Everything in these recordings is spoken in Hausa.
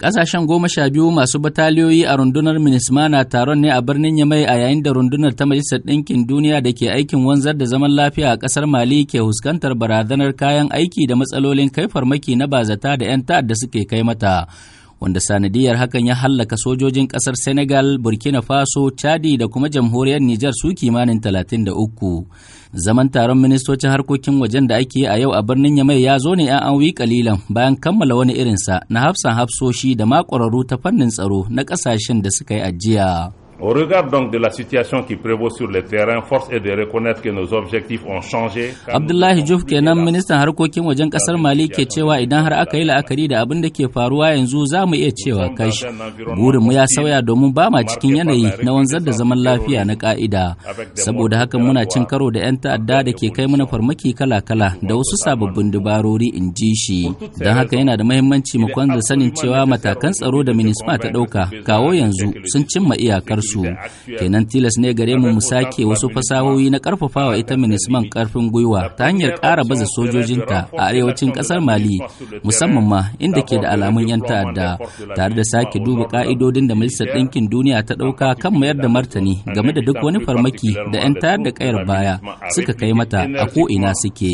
Ƙasashen goma sha biyu masu bataliyoyi a rundunar Minisma na taron ne a birnin Yamai a yayin da rundunar ta Majalisar Ɗinkin Duniya da ke aikin wanzar da zaman lafiya a ƙasar Mali ke huskantar barazanar kayan aiki da matsalolin kai farmaki na bazata da 'yan ta'adda suke kai mata. wanda sanadiyar hakan ya hallaka sojojin ƙasar Senegal, Burkina Faso, Chadi da kuma jamhuriyar Nijar su kimanin 33. Zaman taron ministocin harkokin wajen da ake a yau a birnin Yamai ya zo ne an an kalilan bayan kammala wani irinsa na hafsan hafsoshi da makwararru ta fannin tsaro na ƙasashen da suka yi ajiya. Au regard donc de la situation qui prévaut sur le terrain, force est de reconnaître que nos objectifs ont changé. Abdullahi Juf kenan ministan harkokin wajen kasar Mali ke cewa idan har aka yi la'akari da abin da ke faruwa yanzu za mu iya cewa kashi. mu ya sauya domin ba ma cikin yanayi na wanzar da zaman lafiya na ka'ida. Saboda haka muna cin karo da 'yan ta'adda da ke kai mana farmaki kala-kala da wasu sababbin dabarori in ji shi. Don haka yana da mahimmanci mu kwanza sanin cewa matakan tsaro da Minisma ta ɗauka kawo yanzu sun cimma iyakarsu. su kenan tilas ne gare mu mu sake wasu fasahohi na karfafawa ita minisman karfin gwiwa ta hanyar kara baza sojojinta a arewacin kasar mali musamman ma inda ke da alamun 'yan ta'adda tare da sake duba ka'idodin da majalisar ɗinkin duniya ta ɗauka kan mayar da martani game da duk wani farmaki da 'yan tayar da kayar baya suka kai mata a ko'ina suke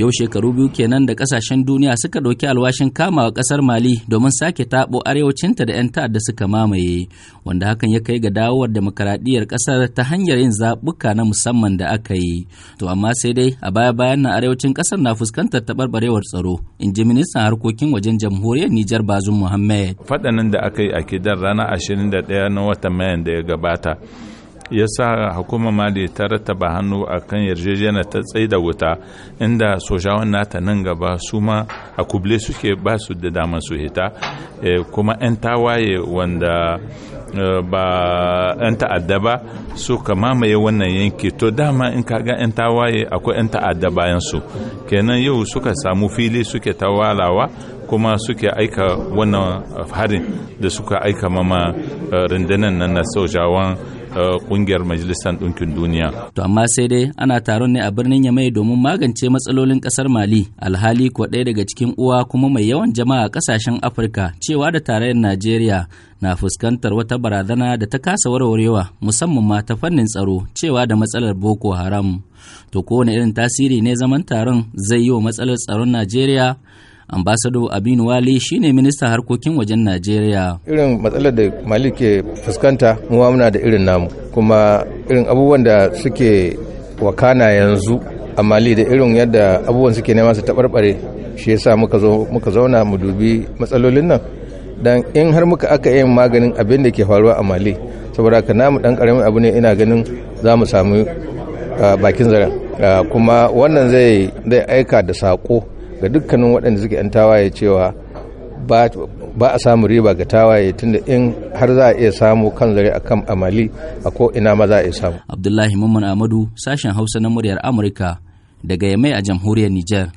yau shekaru biyu kenan da ƙasashen duniya suka ɗauki alwashin kamawa ƙasar mali domin domin sake taɓo arewacinta da 'yan ta'adda suka mamaye wanda hakan ya kai ga dawowar demokaradiyyar ƙasar ta hanyar yin zaɓuka na musamman da aka yi to amma sai dai a baya bayan nan arewacin ƙasar na fuskantar taɓarɓarewar tsaro in ji ministan harkokin wajen jamhuriyar nijar bazum muhammed faɗanin da aka yi a kidar ranar 21 na watan mayan da ya gabata ya sa hukumar mali ta rattaba hannu a kan yarjejeniyar ta tsaida wuta inda sojawan nata nan gaba su ma a kuble suke ba su da damar su hita eh, kuma 'yan tawaye wanda eh, ba 'yan ta'adda ba su ka mamaye wannan yanki to dama in ka ga 'yan tawaye akwai 'yan ta'adda bayan su kenan yau suka samu fili suke tawalawa kuma suke aika wannan harin da suka aika mama eh, rundunar nan na sojawan kungiyar eh, majalisar ɗinkin duniya. To amma sai dai ana taron ne a birnin Yamai domin magance matsalolin ƙasar Mali alhali kuwa ɗaya daga cikin uwa kuma mai yawan jama'a ƙasashen Afirka cewa da tarayyar Najeriya na fuskantar wata barazana da ta kasa warwarewa musamman ma ta fannin tsaro cewa da matsalar Boko Haram. To kowane irin tasiri ne zaman taron zai yi wa matsalar tsaron Najeriya ambasado abin wale shine ministan harkokin wajen najeriya irin matsalar da mali ke fuskanta muwa muna da irin namu kuma irin abubuwan da suke wakana yanzu a mali da irin yadda abubuwan suke nema su taɓarɓare shi yasa muka zauna mu dubi matsalolin nan dan in har muka aka yin maganin abin da ke faruwa a mali saboda haka namu dan karamin abu ne ina ganin za mu samu ah, bakin zaren ah, kuma wannan zai aika da sako. ga dukkanin waɗanda suke 'yan tawaye cewa ba a samu riba ga tawaye tunda in har za a iya samu kan zare akan amali a ko ina ma za a iya samu. Abdullahi Mamman Amadu sashen Hausa na muryar Amurka daga Yamai a jamhuriyar Nijar.